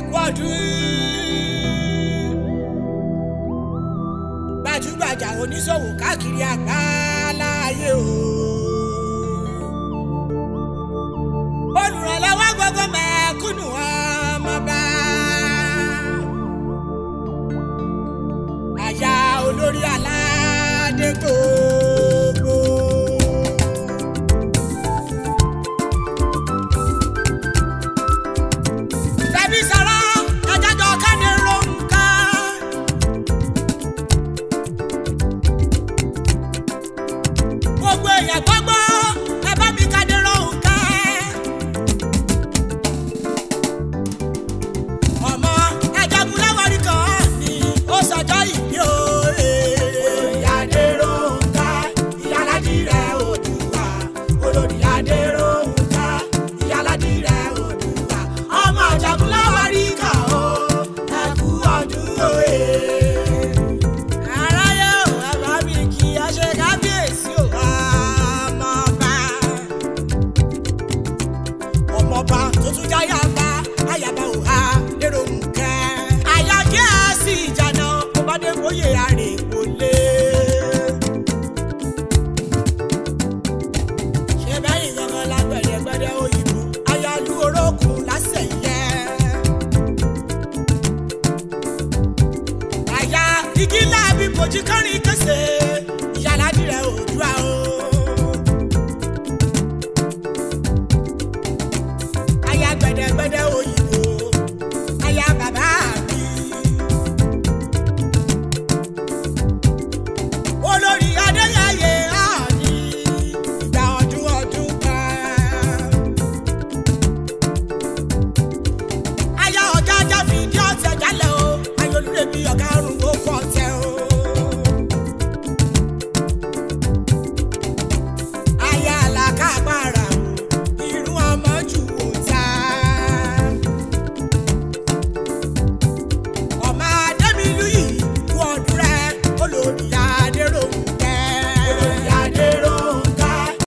Ẹ̀kọ́dù gbajúgbajà oníṣòwò káàkiri àgbáláyé o. olùrànlọ́wọ́ gbogbo mẹ́kúnnù gbogbo èèyàn tó gbọ́. olóyè arìnwólé. ṣé báyìí gangan lágbẹ̀rẹ̀ gbẹ́dẹ́ òyìnbó ayálù orókùn lásẹ̀yẹ. àyà igi láàbí bòjú kọrin kẹsẹ̀. No.